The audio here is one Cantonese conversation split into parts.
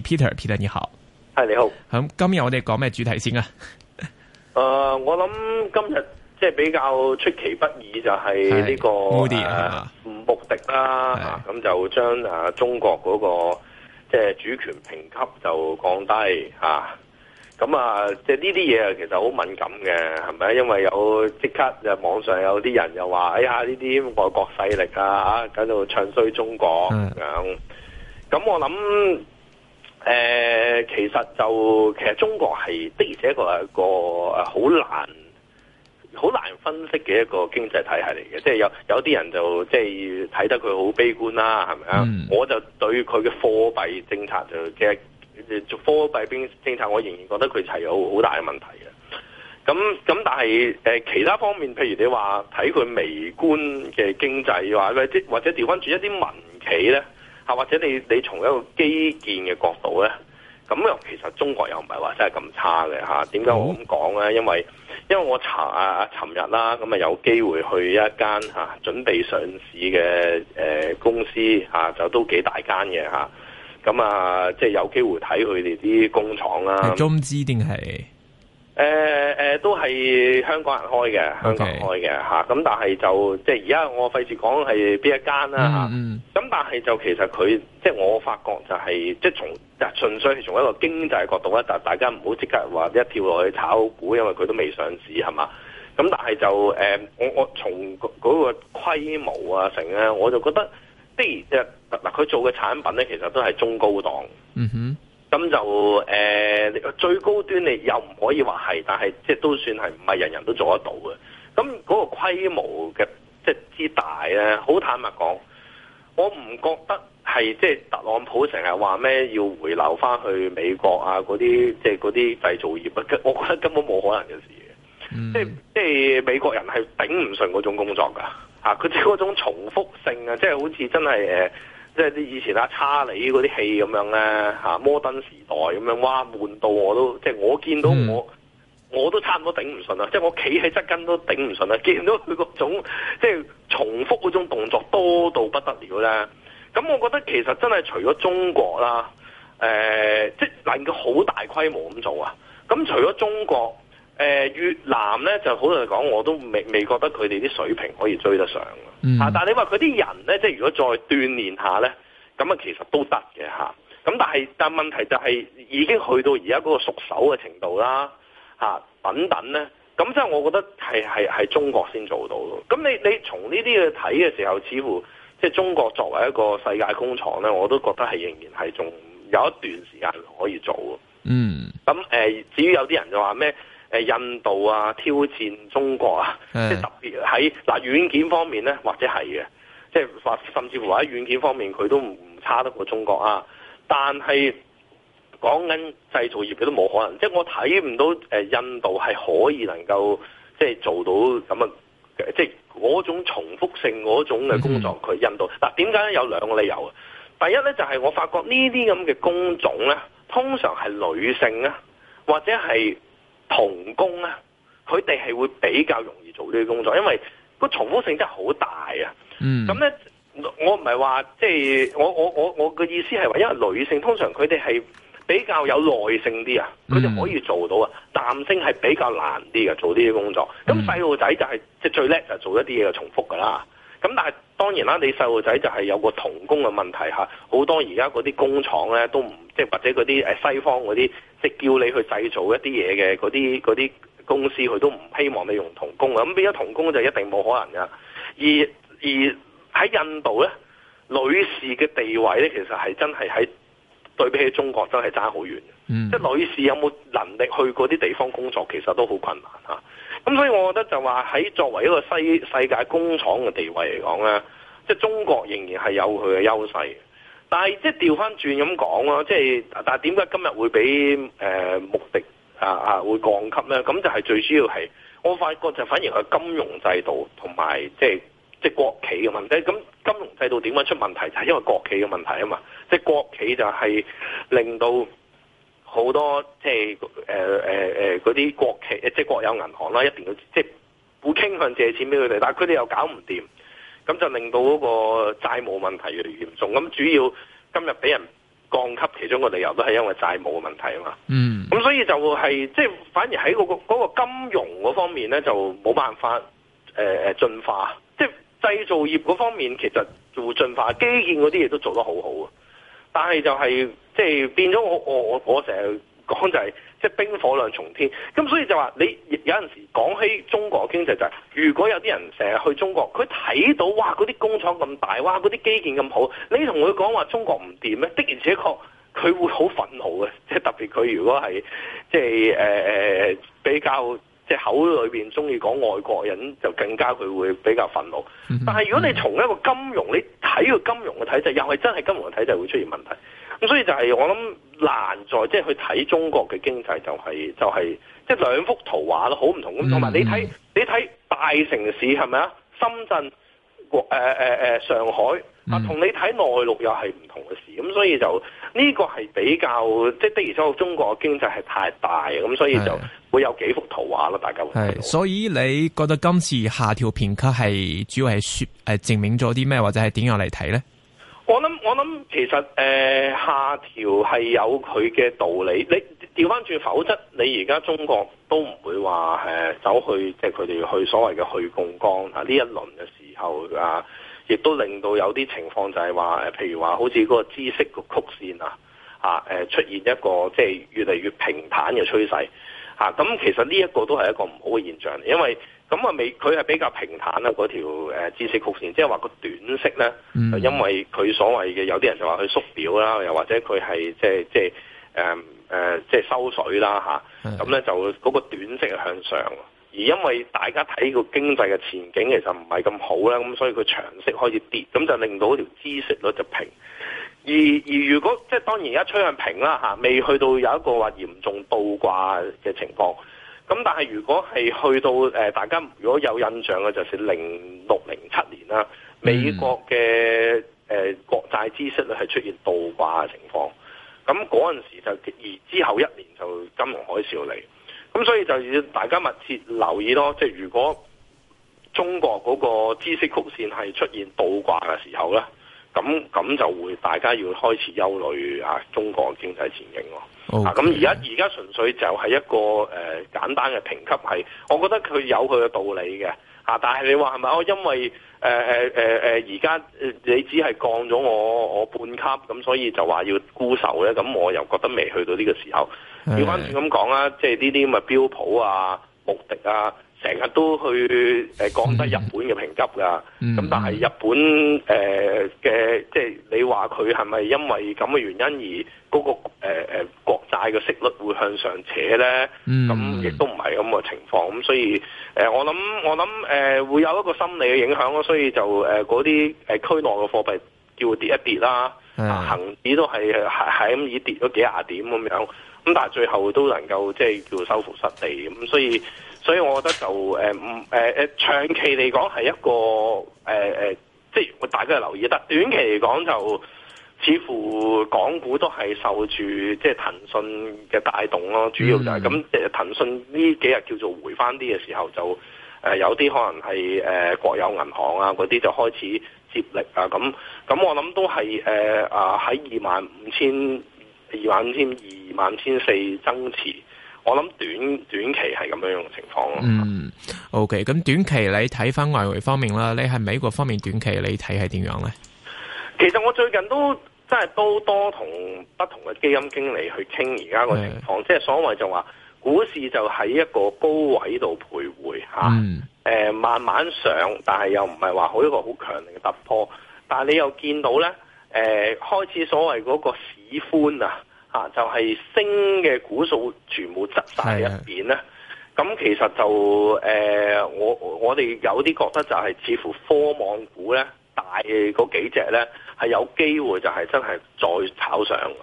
Peter，Peter Peter，你好，係你好。咁今、呃、今日我哋講咩主題先啊？誒，我諗今日即係比較出其不意，就係呢個穆迪啦，咁就將誒中國嗰、那個即係、就是、主權評級就降低吓。咁啊，即係呢啲嘢啊，其實好敏感嘅，係咪？因為有即刻就網上有啲人又話，哎呀呢啲外國勢力啊，啊，喺度唱衰中國咁，咁我諗。啊啊嗯嗯嗯誒、呃，其實就其實中國係的而且確係一個誒好難好難分析嘅一個經濟體系嚟嘅，即係有有啲人就即係睇得佢好悲觀啦，係咪啊？嗯、我就對佢嘅貨幣政策就即係做貨幣政策，政策我仍然覺得佢係有好大嘅問題嘅。咁咁但係誒、呃、其他方面，譬如你話睇佢微觀嘅經濟，話或者或者調翻轉一啲民企咧。嚇，或者你你從一個基建嘅角度咧，咁又其實中國又唔係話真係咁差嘅嚇。點解我咁講咧？因為因為我查啊，尋日啦，咁啊有機會去一間嚇準備上市嘅誒公司嚇，就都幾大間嘅嚇。咁啊，即係有機會睇佢哋啲工廠啦。中資定係？誒誒、呃呃，都係香港人開嘅，Okay. 香港人開嘅吓，咁但係就即係而家我費事講係邊一間啦吓，咁、mm hmm. 但係就其實佢即係我發覺就係、是、即係從純粹係從一個經濟角度咧，大家唔好即刻話一跳落去炒股，因為佢都未上市係嘛，咁但係就誒、呃，我我從嗰個規模啊成咧，我就覺得即嗱佢做嘅產品咧，其實都係中高檔，嗯哼、mm。Hmm. 咁就誒、呃、最高端你又唔可以話係，但係即係都算係唔係人人都做得到嘅。咁嗰個規模嘅即係之大咧，好坦白講，我唔覺得係即係特朗普成日話咩要回流翻去美國啊嗰啲即係嗰啲製造業，我覺得根本冇可能嘅事嘅、mm hmm. 即係即係美國人係頂唔順嗰種工作㗎嚇，佢佢嗰種重複性啊，即係好似真係誒即係啲以前阿差利嗰啲戲咁樣咧嚇，摩登時代咁樣哇，悶到我都，即係我見到我我都差唔多頂唔順啦，嗯、即係我企喺側跟都頂唔順啦，見到佢嗰種即係重複嗰種動作多到不得了啦。咁我覺得其實真係除咗中國啦，誒、呃，即係能夠好大規模咁做啊。咁除咗中國。呃、越南呢，就好多人講，我都未未覺得佢哋啲水平可以追得上嘅、mm. 啊、但你話佢啲人呢，即係如果再鍛鍊下呢，咁啊其實都得嘅嚇。咁、啊、但係但問問題就係已經去到而家嗰個熟手嘅程度啦、啊，等等呢。咁即係我覺得係係係中國先做到咯。咁你你從呢啲去睇嘅時候，似乎即係中國作為一個世界工廠呢，我都覺得係仍然係仲有一段時間可以做嘅。嗯、mm. 啊。咁、呃、至於有啲人就話咩？誒印度啊，挑戰中國啊，是的即係特別喺嗱、啊、軟件方面咧，或者係嘅，即係或甚至乎喺軟件方面佢都唔唔差得過中國啊。但係講緊製造業，佢都冇可能，即係我睇唔到誒、啊、印度係可以能夠即係做到咁啊，即係嗰種重複性嗰種嘅工作，佢印度嗱點解咧？有兩個理由啊。第一咧就係、是、我發覺呢啲咁嘅工種咧，通常係女性啊，或者係。童工啊，佢哋係會比較容易做呢啲工作，因為個重複性真係好大啊。咁咧、嗯就是，我唔係話即係我我我我嘅意思係話，因為女性通常佢哋係比較有耐性啲啊，佢哋、嗯、可以做到啊。男性係比較難啲嘅做呢啲工作。咁細路仔就係即係最叻就做一啲嘢，重複噶啦。咁但係當然啦，你細路仔就係有個童工嘅問題吓，好多而家嗰啲工廠咧都唔即係或者嗰啲誒西方嗰啲。即叫你去製造一啲嘢嘅嗰啲嗰啲公司，佢都唔希望你用童工啊！咁變咗童工就一定冇可能噶。而而喺印度咧，女士嘅地位咧，其實係真係喺對比起中國真係爭好遠。嗯、即係女士有冇能力去嗰啲地方工作，其實都好困難吓。咁所以我覺得就話，喺作為一個西世界工廠嘅地位嚟講咧，即係中國仍然係有佢嘅優勢。但係即係調翻轉咁講咯，即係但係點解今日會俾誒、呃、穆迪啊，啊會降級咧？咁就係最主要係我發覺就反而係金融制度同埋即係即係國企嘅問題。咁金融制度點樣出問題就係、是、因為國企嘅問題啊嘛。即係國企就係令到好多即係誒、誒、嗰啲國企即係國有銀行啦，一定要即係會傾向借錢俾佢哋，但佢哋又搞唔掂。咁就令到嗰個債務問題越嚟越嚴重。咁主要今日俾人降級，其中個理由都係因為債務嘅問題啊嘛。嗯。咁所以就係即係反而喺嗰個金融嗰方面咧，就冇辦法誒誒、呃、進化。即係製造業嗰方面，其實做進化，基建嗰啲嘢都做得好好啊。但係就係即係變咗，我我我我成日。講就係即係冰火兩重天，咁所以就話你有陣時講起中國經濟就係，如果有啲人成日去中國，佢睇到哇嗰啲工廠咁大，哇嗰啲基建咁好，你同佢講話中國唔掂咩，的而且確佢會好憤怒嘅，即係特別佢如果係即係誒誒比較即係口裏面中意講外國人就更加佢會比較憤怒。但係如果你從一個金融你睇個金融嘅體制，又係真係金融嘅體制會出現問題。咁所以就係我諗難在即係、就是、去睇中國嘅經濟就係、是、就係即係兩幅圖畫咯，好唔同。咁同埋你睇你睇大城市係咪啊？深圳誒誒誒上海啊，同、嗯、你睇內陸又係唔同嘅事。咁所以就呢、這個係比較即係、就是、的，而且中國嘅經濟係太大。咁所以就會有幾幅圖畫咯，大家會。係所以你覺得今次下調評級係主要係說誒、呃、證明咗啲咩，或者係點樣嚟睇咧？我諗我諗，其實誒、呃、下調係有佢嘅道理。你調返轉，否則你而家中國都唔會話誒、啊、走去，即係佢哋去所謂嘅去槓桿啊。呢一輪嘅時候啊，亦都令到有啲情況就係話誒，譬、啊、如話好似嗰個孳息曲線啊，吓、啊、誒出現一個即係越嚟越平坦嘅趨勢。吓、啊、咁、啊，其實呢一個都係一個唔好嘅現象，因為。咁啊未，佢係比較平坦啦嗰條孳息曲線，即係話個短息咧，mm hmm. 因為佢所謂嘅有啲人就話佢縮表啦，又或者佢係即係即係誒誒即係收水啦吓，咁、啊、咧、mm hmm. 就嗰個短息係向上，而因為大家睇個經濟嘅前景其實唔係咁好啦，咁所以佢長息開始跌，咁就令到條孳息率就平。而而如果即係當然而家趨向平啦吓、啊、未去到有一個話嚴重倒掛嘅情況。咁但係如果係去到、呃、大家如果有印象嘅，就是零六零七年啦，美國嘅、呃、國債孳息咧係出現倒掛嘅情況。咁嗰陣時就而之後一年就金融海嘯嚟。咁所以就要大家密切留意咯。即係如果中國嗰個孳息曲線係出現倒掛嘅時候咧，咁咁就會大家要開始憂慮啊中國經濟前景咯。Okay. 啊！咁而家而家純粹就係一個誒、呃、簡單嘅評級係，係我覺得佢有佢嘅道理嘅、啊、但係你話係咪啊？因為誒誒誒誒，而、呃、家、呃呃呃、你只係降咗我我半級，咁所以就話要沽售咧？咁我又覺得未去到呢個時候，要翻轉咁講啦，即係呢啲咁嘅標普啊、穆迪啊。成日都去誒降低日本嘅評級㗎，咁但係日本誒嘅、呃、即係你話佢係咪因為咁嘅原因而嗰、那個誒誒、呃、國債嘅息率會向上扯咧？咁亦都唔係咁嘅情況，咁所以誒、呃、我諗我諗誒、呃、會有一個心理嘅影響咯，所以就誒嗰啲誒區內嘅貨幣。叫跌一跌啦，恒指、哎、呀都係係係咁已跌咗幾廿點咁樣，咁但係最後都能夠即係、就是、叫做收復失地咁，所以所以我覺得就誒唔誒誒長期嚟講係一個誒誒、呃，即係大家留意得短期嚟講就似乎港股都係受住即係騰訊嘅帶動咯，主要就係咁誒騰訊呢幾日叫做回翻啲嘅時候就誒、呃、有啲可能係誒、呃、國有銀行啊嗰啲就開始接力啊咁。咁我諗都係誒啊喺二萬五千、二萬五千、二萬千四增持。我諗短短期係咁樣樣嘅情況咯。嗯，OK。咁短期你睇翻外圍方面啦，你喺美國方面短期你睇係點樣咧？其實我最近都真係都多同不同嘅基金經理去傾而家個情況，是即係所謂就話股市就喺一個高位度徘徊吓，誒、啊嗯呃、慢慢上，但係又唔係話好一個好強烈嘅突破。但係你又見到咧，誒、呃、開始所謂嗰個市寬啊，就係、是、升嘅股數全部擠曬入邊咧。咁的其實就誒、呃，我我哋有啲覺得就係似乎科網股咧，大嗰幾隻咧係有機會就係真係再炒上嘅。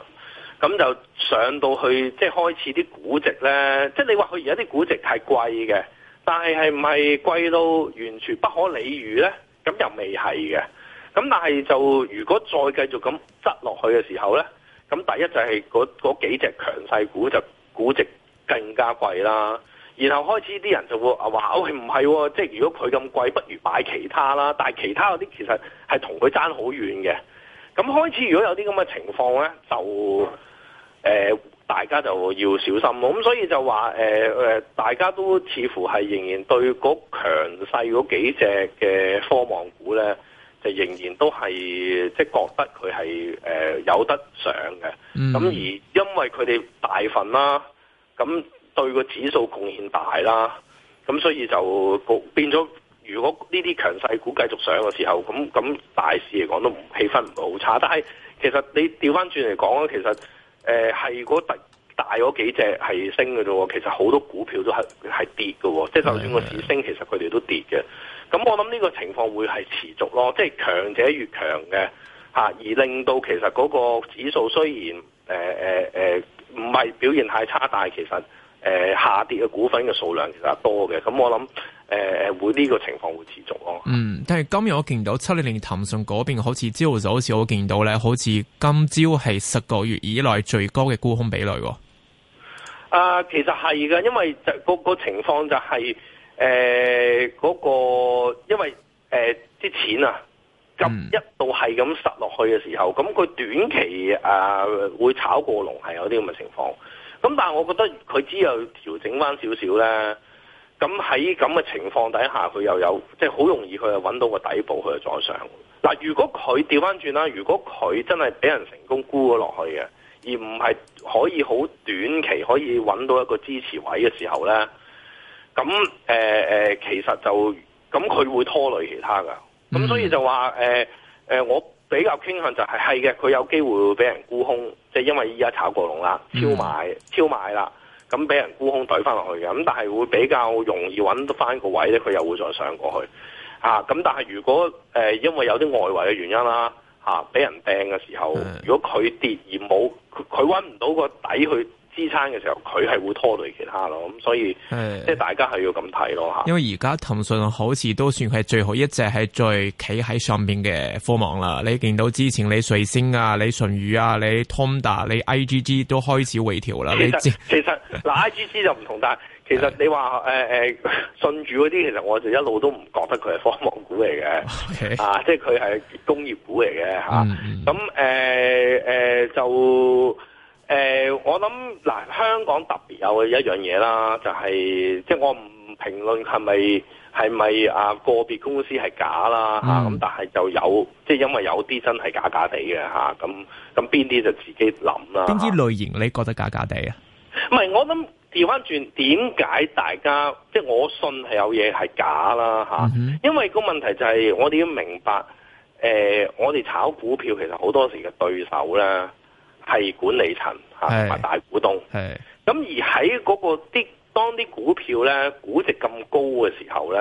咁就上到去即係開始啲估值咧，即係你話佢而家啲估值係貴嘅，但係係唔係貴到完全不可理喻咧？咁又未係嘅。咁但係就如果再繼續咁執落去嘅時候呢，咁第一就係嗰幾隻強勢股就估值更加貴啦。然後開始啲人就會話：哇，唔係，哦，即係如果佢咁貴，不如擺其他啦。但係其他嗰啲其實係同佢爭好遠嘅。咁開始如果有啲咁嘅情況呢，就、呃、大家就要小心囉。咁所以就話、呃、大家都似乎係仍然對嗰強勢嗰幾隻嘅科網股呢。就仍然都係即係覺得佢係誒有得上嘅。咁、嗯、而因為佢哋大份啦，咁對個指數貢獻大啦，咁所以就變咗，如果呢啲強勢股繼續上嘅時候，咁咁大市嚟講都氣氛唔係好差。但係其實你調翻轉嚟講，其實誒係嗰大大嗰幾隻係升嘅啫，其實好多股票都係係跌嘅，即係、嗯、就算個市升，其實佢哋都跌嘅。咁我諗呢個情況會係持續咯，即係強者越強嘅、啊、而令到其實嗰個指數雖然誒誒唔係表現太差，但係其實誒、呃、下跌嘅股份嘅數量其實多嘅。咁我諗誒、呃、會呢個情況會持續咯。嗯，但係今日我見到七零零騰訊嗰邊好似朝早，好似我見到咧，好似今朝係十個月以內最高嘅沽空比率喎。啊，其實係嘅，因為就個個情況就係、是。誒，嗰、呃那個因為誒啲錢啊，咁一度係咁塞落去嘅時候，咁佢短期啊、呃、會炒過龍，係有啲咁嘅情況。咁但係我覺得佢只有調整翻少少咧，咁喺咁嘅情況底下，佢又有即係好容易佢係揾到個底部佢去再上。嗱，如果佢調翻轉啦，如果佢真係俾人成功沽咗落去嘅，而唔係可以好短期可以揾到一個支持位嘅時候咧。咁誒、呃、其實就咁佢會拖累其他噶，咁所以就話誒、呃呃、我比較傾向就係係嘅，佢有機會俾人沽空，即、就、係、是、因為依家炒過籠啦，超買超買啦，咁俾人沽空懟翻落去嘅，咁但係會比較容易搵返翻個位咧，佢又會再上過去咁、啊、但係如果誒、呃、因為有啲外圍嘅原因啦，嚇、啊、俾人掟嘅時候，的如果佢跌而冇佢揾唔到個底去。支撐嘅時候，佢係會拖累其他咯，咁所以即係是大家係要咁睇咯吓。因為而家騰訊好似都算係最好一隻係最企喺上邊嘅科網啦。你見到之前你瑞星啊、你順宇啊、你通達、你 I G G 都開始回調實自啦。其知其實嗱 I G G 就唔同， 但係其實你話誒誒順宇嗰啲，其實我就一路都唔覺得佢係科網股嚟嘅 Okay. 啊，即係佢係工業股嚟嘅吓。咁誒誒就。呃、我諗嗱，香港特別有一樣嘢啦，就係、是、即係我唔評論係咪係咪啊個別公司係假啦咁、嗯、但係就有即係因為有啲真係假假地嘅，咁咁邊啲就自己諗啦。邊啲類型你覺得假假地啊？唔係，我諗調翻轉點解大家即係我信係有嘢係假啦嚇，嗯、哼因為個問題就係我哋要明白誒、呃，我哋炒股票其實好多時嘅對手咧。係管理層同大股東，咁而喺嗰、那個啲當啲股票咧估值咁高嘅時候咧，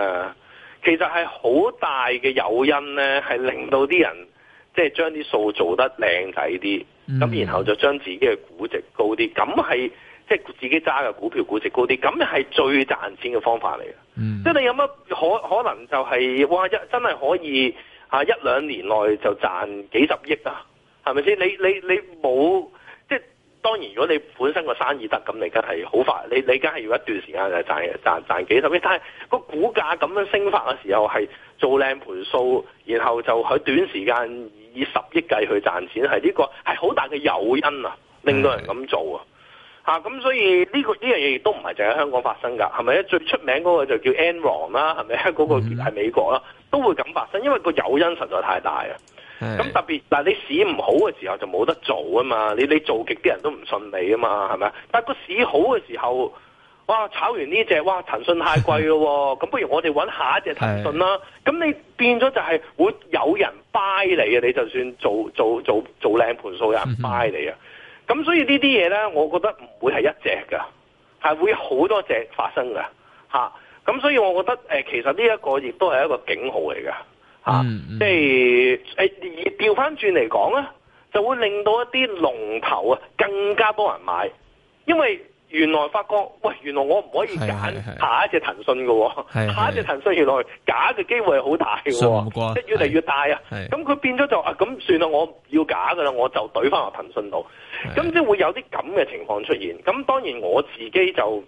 其實係好大嘅誘因咧，係令到啲人即係將啲數做得靚仔啲，咁、嗯、然後就將自己嘅估值高啲，咁係即係自己揸嘅股票估值高啲，咁係最賺錢嘅方法嚟嘅。即係、嗯、你有乜可可能就係、是、哇一真係可以喺一兩年內就賺幾十億啊？係咪先？你你你冇，即係當然，如果你本身個生意得咁你梗係好快。你你梗係要一段時間就賺嘅，賺賺幾十億。但係個股價咁樣升發嘅時候，係做靚盤數，然後就喺短時間以十億計去賺錢，係呢個係好大嘅誘因的啊！令到人咁做啊！吓咁，所以呢、呢個呢樣嘢亦都唔係淨係香港發生噶，係咪？最出名嗰個就叫 Enron 啦，係咪？嗰個係美國啦，嗯、都會咁發生，因為個誘因實在太大啊！咁特別嗱，你市唔好嘅時候就冇得做啊嘛，你你做極啲人都唔信你啊嘛，係咪啊？但個市好嘅時候，哇！炒完呢隻，哇！騰訊太貴咯，咁 不如我哋揾下一隻騰訊啦。咁 你變咗就係會有人 buy 你啊，你就算做做做做靚盤數有人 buy 你啊。咁 所以呢啲嘢咧，我覺得唔會係一隻噶，係會好多隻發生噶，咁、啊、所以我覺得誒、呃，其實呢一個亦都係一個警號嚟噶。吓，即係誒，而調翻轉嚟講咧，就會令到一啲龍頭啊更加多人買，因為原來發覺，喂，原來我唔可以揀下一隻騰訊嘅，是是是下一隻騰訊原來假嘅機會好大，大，即係越嚟越大啊。咁佢變咗就啊，咁算啦，我要假噶啦，我就對翻落騰訊度，咁即係會有啲咁嘅情況出現。咁當然我自己就。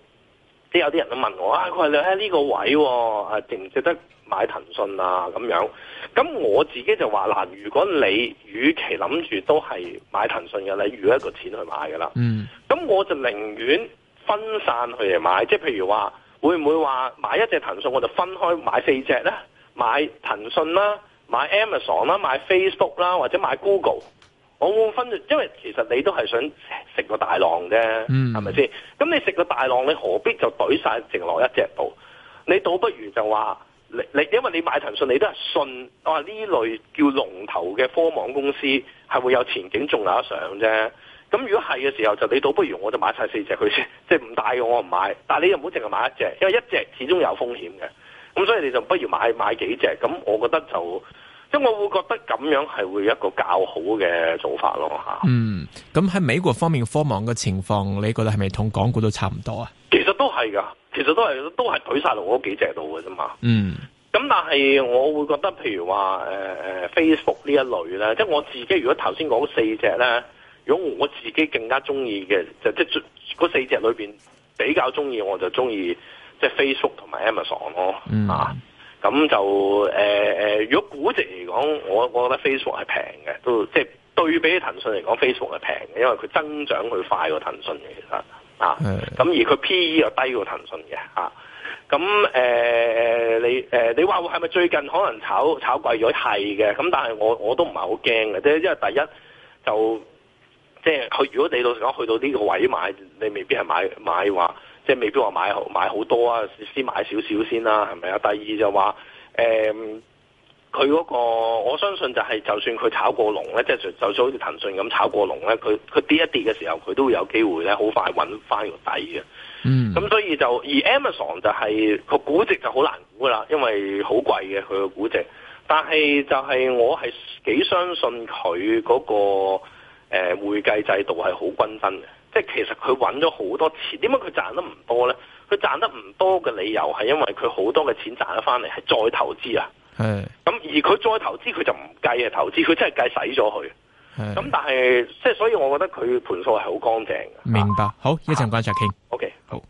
即有啲人都問我啊，佢話你喺呢個位、哦，啊值唔值得買騰訊啊咁樣？咁我自己就話嗱、啊，如果你與其諗住都係買騰訊嘅，你預一個錢去買㗎啦。嗯，咁我就寧願分散去買，即係譬如話，會唔會話買一隻騰訊，我就分開買四隻咧？買騰訊啦，買 Amazon 啦，買 Facebook 啦，或者買 Google。我分，因為其實你都係想食個大浪啫，係咪先？咁你食個大浪，你何必就懟曬淨落一隻度？你倒不如就話，你你因為你買騰訊，你都係信，我話呢類叫龍頭嘅科網公司係會有前景，仲有得上啫。咁如果係嘅時候，就你倒不如我就買曬四隻佢先，即係唔大嘅我唔買。但係你又唔好淨係買一隻，因為一隻始終有風險嘅。咁所以你就不如買買幾隻。咁我覺得就。即我會覺得咁樣係會一個較好嘅做法咯吓。嗯，咁喺美國方面科網嘅情況，你覺得係咪同港股都差唔多啊？其實都係噶，其實都係都係懟晒落嗰幾隻度噶啫嘛。嗯，咁但係我會覺得，譬如話誒誒 Facebook 呢一類咧，即係我自己如果頭先講四隻咧，如果我自己更加中意嘅，就即係嗰四隻裏邊比較中意，我就中意即係、就是、Facebook 同埋 Amazon 咯。嗯咁就誒、呃、如果估值嚟講，我我覺得 Facebook 係平嘅，都即係對比騰訊嚟講，Facebook 係平嘅，因為佢增長佢快過騰訊嘅，其實啊，咁而佢 PE 又低過騰訊嘅。咁誒你誒、呃、你話係咪最近可能炒炒貴咗係嘅？咁但係我我都唔係好驚嘅，即係因為第一就即係佢如果你到時講去到呢個位買，你未必係買買話。即係未必話買好買好多啊，先買少少先啦，係咪啊？第二就話誒，佢嗰個我相信就係，就算佢炒過龍咧，即係就就算好似騰訊咁炒過龍咧，佢佢跌一跌嘅時候，佢都會有機會咧，好快揾翻個底嘅。嗯，咁所以就而 Amazon 就係個估值就好難估啦，因為好貴嘅佢個估值。但係就係我係幾相信佢嗰個誒會計制度係好均分嘅。即係其實佢揾咗好多錢，點解佢賺得唔多呢？佢賺得唔多嘅理由係因為佢好多嘅錢賺得翻嚟係再投資啊。咁是的 而佢再投資佢就唔計啊投資，佢真係計使咗佢。咁是的 但係即係所以，我覺得佢盤數係好乾淨。明白。好，一陣間再傾。O K、啊。Okay. 好。